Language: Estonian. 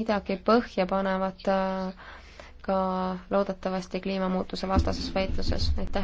midagi põhja panevat äh, ka loodetavasti kliimamuutuse vastases võitluses, aitäh!